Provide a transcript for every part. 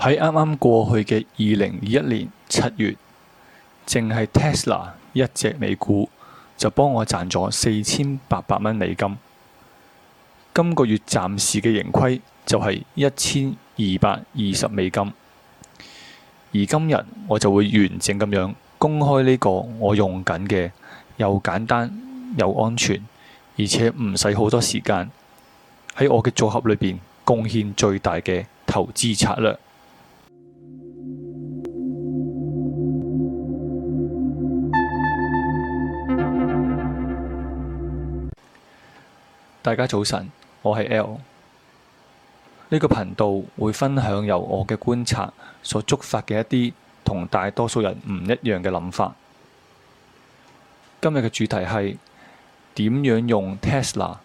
喺啱啱過去嘅二零二一年七月，淨係 Tesla 一隻美股就幫我賺咗四千八百蚊美金。今個月暫時嘅盈虧就係一千二百二十美金。而今日我就會完整咁樣公開呢個我用緊嘅又簡單又安全，而且唔使好多時間喺我嘅組合裏邊貢獻最大嘅投資策略。大家早晨，我係 L。呢個頻道會分享由我嘅觀察所觸發嘅一啲同大多數人唔一樣嘅諗法。今日嘅主題係點樣用 Tesla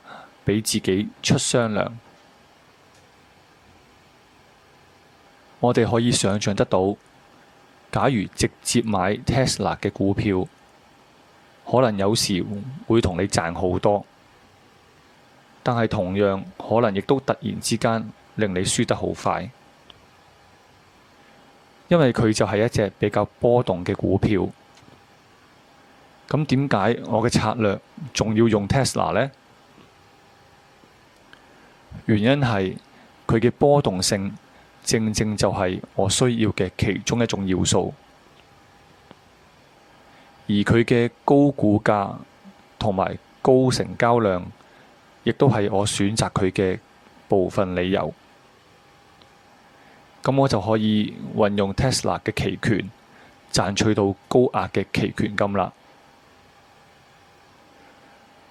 畀自己出雙糧。我哋可以想像得到，假如直接買 Tesla 嘅股票，可能有時會同你賺好多。但係同樣可能亦都突然之間令你輸得好快，因為佢就係一隻比較波動嘅股票。咁點解我嘅策略仲要用 Tesla 呢？原因係佢嘅波動性正正就係我需要嘅其中一種要素，而佢嘅高股價同埋高成交量。亦都係我選擇佢嘅部分理由，咁我就可以運用 Tesla 嘅期權，賺取到高額嘅期權金啦。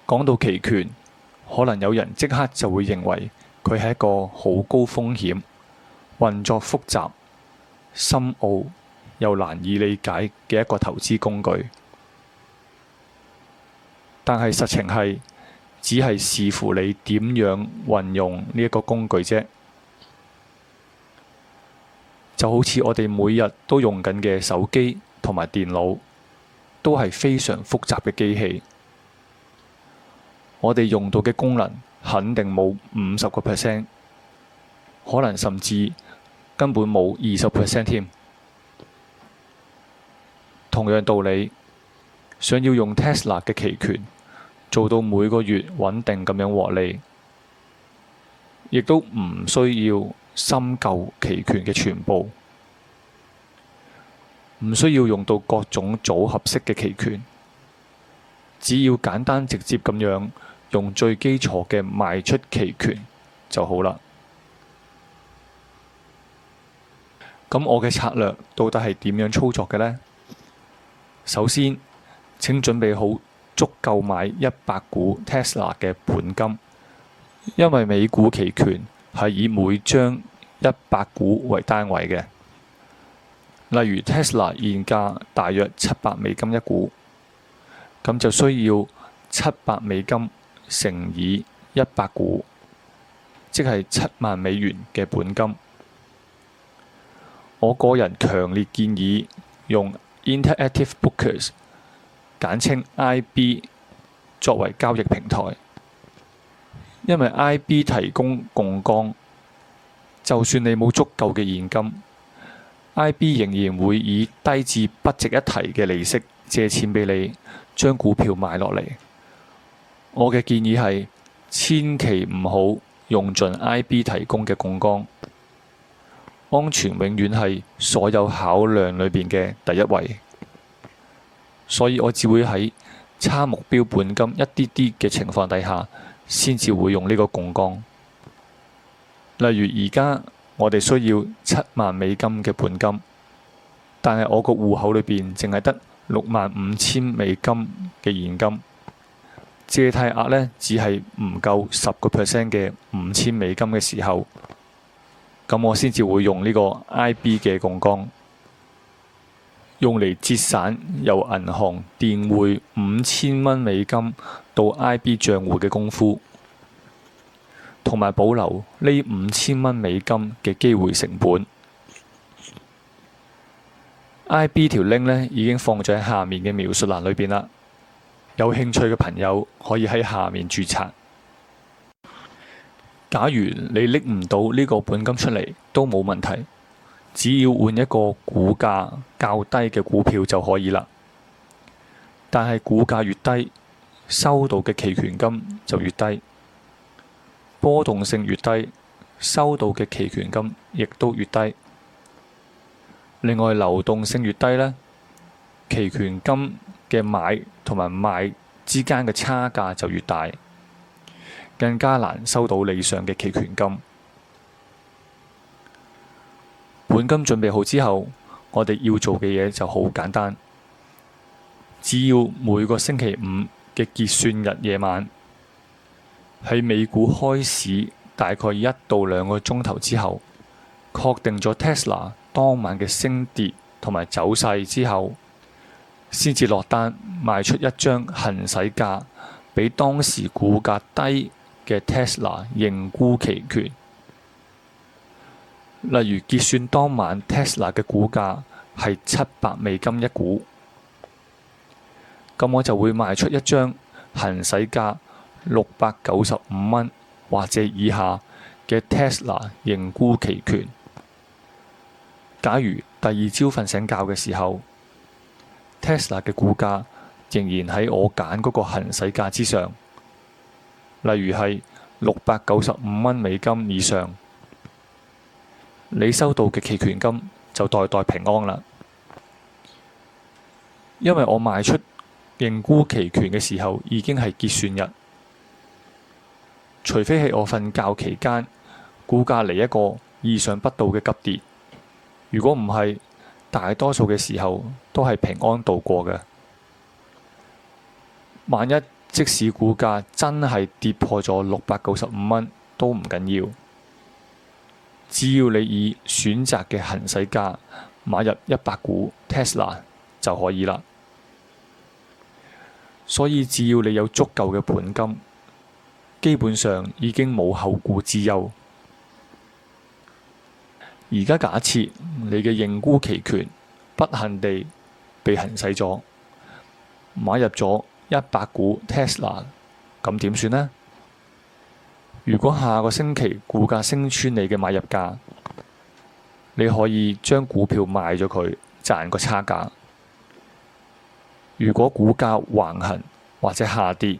講到期權，可能有人即刻就會認為佢係一個好高風險、運作複雜、深奧又難以理解嘅一個投資工具，但係實情係。只係視乎你點樣運用呢一個工具啫，就好似我哋每日都用緊嘅手機同埋電腦，都係非常複雜嘅機器。我哋用到嘅功能肯定冇五十個 percent，可能甚至根本冇二十 percent 添。同樣道理，想要用 Tesla 嘅期權，做到每個月穩定咁樣獲利，亦都唔需要深究期權嘅全部，唔需要用到各種組合式嘅期權，只要簡單直接咁樣用最基礎嘅賣出期權就好啦。咁我嘅策略到底係點樣操作嘅呢？首先請準備好。足夠買一百股 Tesla 嘅本金，因為美股期權係以每張一百股為單位嘅。例如 Tesla 現價大約七百美金一股，咁就需要七百美金乘以一百股，即係七萬美元嘅本金。我個人強烈建議用 Interactive Brokers。簡稱 IB 作為交易平台，因為 IB 提供槓桿，就算你冇足夠嘅現金，IB 仍然會以低至不值一提嘅利息借錢畀你，將股票買落嚟。我嘅建議係千祈唔好用盡 IB 提供嘅槓桿，安全永遠係所有考量裏邊嘅第一位。所以我只會喺差目標本金一啲啲嘅情況底下，先至會用呢個槓桿。例如而家我哋需要七萬美金嘅本金，但係我個戶口裏邊淨係得六萬五千美金嘅現金，借貸額呢，只係唔夠十個 percent 嘅五千美金嘅時候，咁我先至會用呢個 IB 嘅槓桿。用嚟節省由銀行電匯五千蚊美金到 IB 賬戶嘅功夫，同埋保留呢五千蚊美金嘅機會成本。IB 條 link 呢，已經放咗喺下面嘅描述欄裏邊啦，有興趣嘅朋友可以喺下面註冊。假如你拎唔到呢個本金出嚟，都冇問題。只要換一個股價較低嘅股票就可以啦，但係股價越低，收到嘅期權金就越低，波動性越低，收到嘅期權金亦都越低。另外，流動性越低呢，期權金嘅買同埋賣之間嘅差價就越大，更加難收到理想嘅期權金。本金準備好之後，我哋要做嘅嘢就好簡單，只要每個星期五嘅結算日夜晚，喺美股開市大概一到兩個鐘頭之後，確定咗 Tesla 當晚嘅升跌同埋走勢之後，先至落單賣出一張行使價比當時股價低嘅 Tesla 認沽期權。例如結算當晚 Tesla 嘅股價係七百美金一股，咁我就會賣出一張行使價六百九十五蚊或者以下嘅 Tesla 認沽期權。假如第二朝瞓醒覺嘅時候，Tesla 嘅股價仍然喺我揀嗰個行使價之上，例如係六百九十五蚊美金以上。你收到嘅期權金就代代平安啦，因為我賣出認沽期權嘅時候已經係結算日，除非係我瞓覺期間股價嚟一個意想不到嘅急跌，如果唔係大多數嘅時候都係平安度過嘅。萬一即使股價真係跌破咗六百九十五蚊，都唔緊要。只要你以選擇嘅行使價買入一百股 Tesla 就可以啦。所以只要你有足夠嘅本金，基本上已經冇後顧之憂。而家假設你嘅認沽期權不幸地被行使咗，買入咗一百股 Tesla，咁點算呢？如果下個星期股價升穿你嘅買入價，你可以將股票賣咗佢賺個差價。如果股價橫行或者下跌，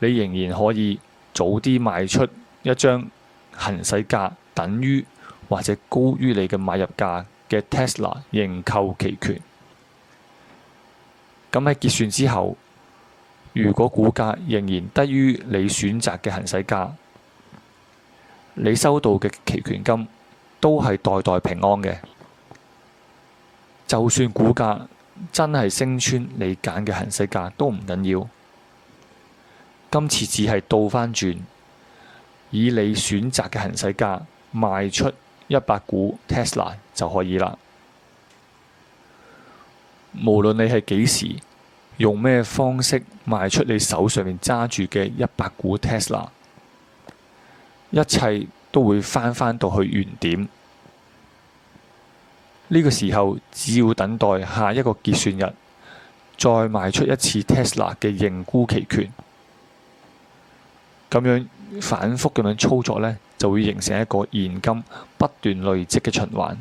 你仍然可以早啲賣出一張行使價等於或者高於你嘅買入價嘅 Tesla 認購期權。咁喺結算之後，如果股價仍然低於你選擇嘅行使價，你收到嘅期權金都係代代平安嘅，就算股價真係升穿你揀嘅行使價都唔緊要。今次只係倒翻轉，以你選擇嘅行使價賣出一百股 Tesla 就可以啦。無論你係幾時用咩方式賣出你手上面揸住嘅一百股 Tesla。一切都會翻返到去原點。呢個時候，只要等待下一個結算日，再賣出一次 Tesla 嘅認沽期權，咁樣反覆咁樣操作呢，就會形成一個現金不斷累積嘅循環。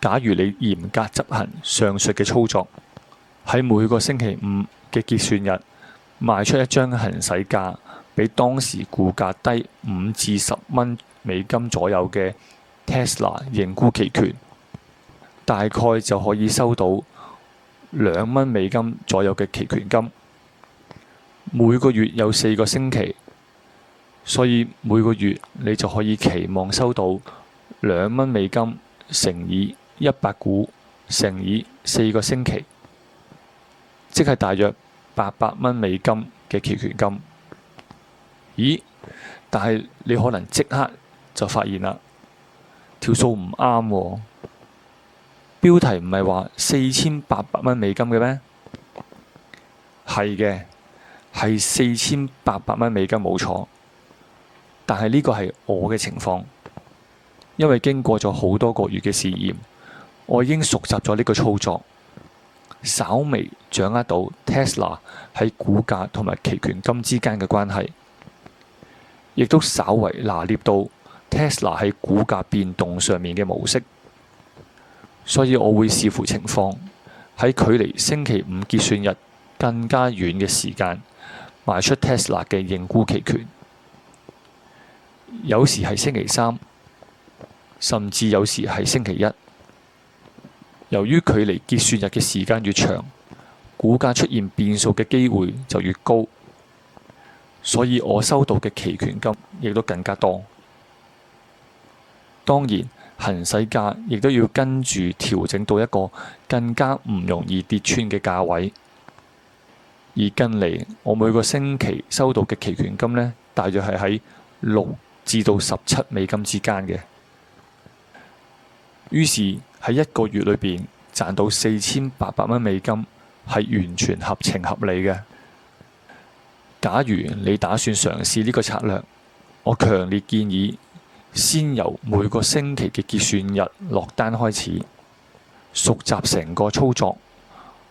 假如你嚴格執行上述嘅操作，喺每個星期五嘅結算日賣出一張行使價，比當時股價低五至十蚊美金左右嘅 Tesla 認沽期權，大概就可以收到兩蚊美金左右嘅期權金。每個月有四個星期，所以每個月你就可以期望收到兩蚊美金乘以一百股乘以四個星期，即係大約八百蚊美金嘅期權金。咦？但係你可能即刻就發現啦，條數唔啱喎。標題唔係話四千八百蚊美金嘅咩？係嘅，係四千八百蚊美金冇錯。但係呢個係我嘅情況，因為經過咗好多個月嘅試驗，我已經熟習咗呢個操作，稍微掌握到 Tesla 喺股價同埋期權金之間嘅關係。亦都稍為拿捏到 Tesla 喺股價變動上面嘅模式，所以我會視乎情況，喺距離星期五結算日更加遠嘅時間賣出 Tesla 嘅認沽期權。有時係星期三，甚至有時係星期一。由於距離結算日嘅時間越長，股價出現變數嘅機會就越高，所以我收到嘅期權金亦都更加多。當然，行使價亦都要跟住調整到一個更加唔容易跌穿嘅價位。而近嚟，我每個星期收到嘅期權金呢，大約係喺六至到十七美金之間嘅。於是喺一個月裏邊賺到四千八百蚊美金，係完全合情合理嘅。假如你打算嘗試呢個策略，我強烈建議先由每個星期嘅結算日落單開始，熟習成個操作，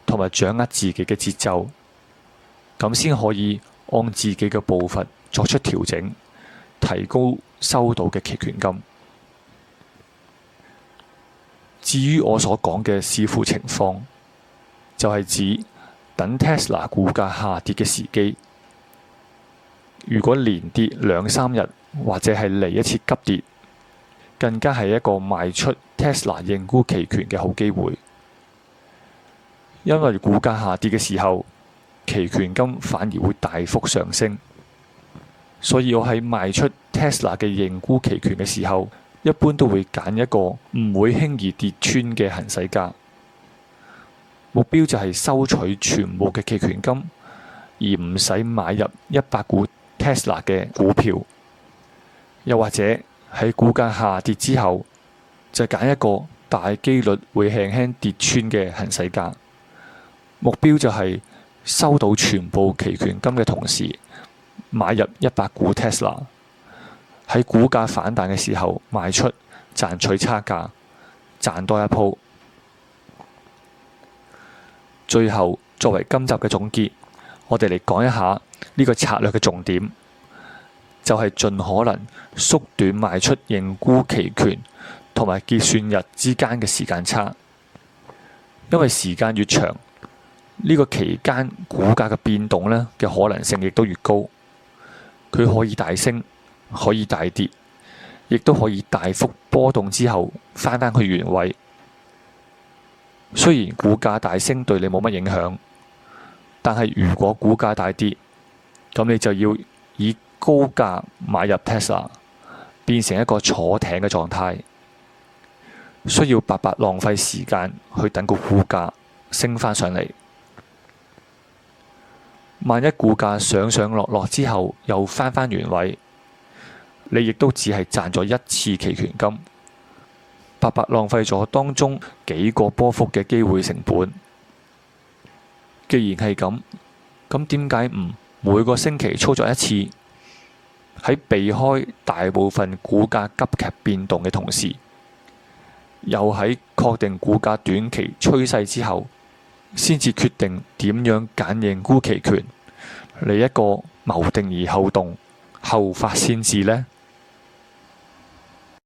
同埋掌握自己嘅節奏，咁先可以按自己嘅步伐作出調整，提高收到嘅期權金。至於我所講嘅視乎情況，就係、是、指等 Tesla 股價下跌嘅時機。如果連跌兩三日，或者係嚟一次急跌，更加係一個賣出 Tesla 認沽期權嘅好機會。因為股價下跌嘅時候，期權金反而會大幅上升，所以我喺賣出 Tesla 嘅認沽期權嘅時候，一般都會揀一個唔會輕易跌穿嘅行使價，目標就係收取全部嘅期權金，而唔使買入一百股。Tesla 嘅股票，又或者喺股價下跌之後，就揀一個大機率會輕輕跌穿嘅行使價，目標就係收到全部期權金嘅同時，買入一百股 Tesla。喺股價反彈嘅時候賣出，賺取差價，賺多一鋪。最後作為今集嘅總結，我哋嚟講一下。呢個策略嘅重點就係、是、盡可能縮短賣出認沽期權同埋結算日之間嘅時間差，因為時間越長，呢、這個期間股價嘅變動呢嘅可能性亦都越高。佢可以大升，可以大跌，亦都可以大幅波動之後翻返去原位。雖然股價大升對你冇乜影響，但係如果股價大跌，咁你就要以高價買入 Tesla，變成一個坐艇嘅狀態，需要白白浪費時間去等個股價升翻上嚟。萬一股價上上落落之後又翻返原位，你亦都只係賺咗一次期權金，白白浪費咗當中幾個波幅嘅機會成本。既然係咁，咁點解唔每個星期操作一次，喺避開大部分股價急劇變動嘅同時，又喺確定股價短期趨勢之後，先至決定點樣揀認沽期權，嚟一個謀定而後動，後發先至呢？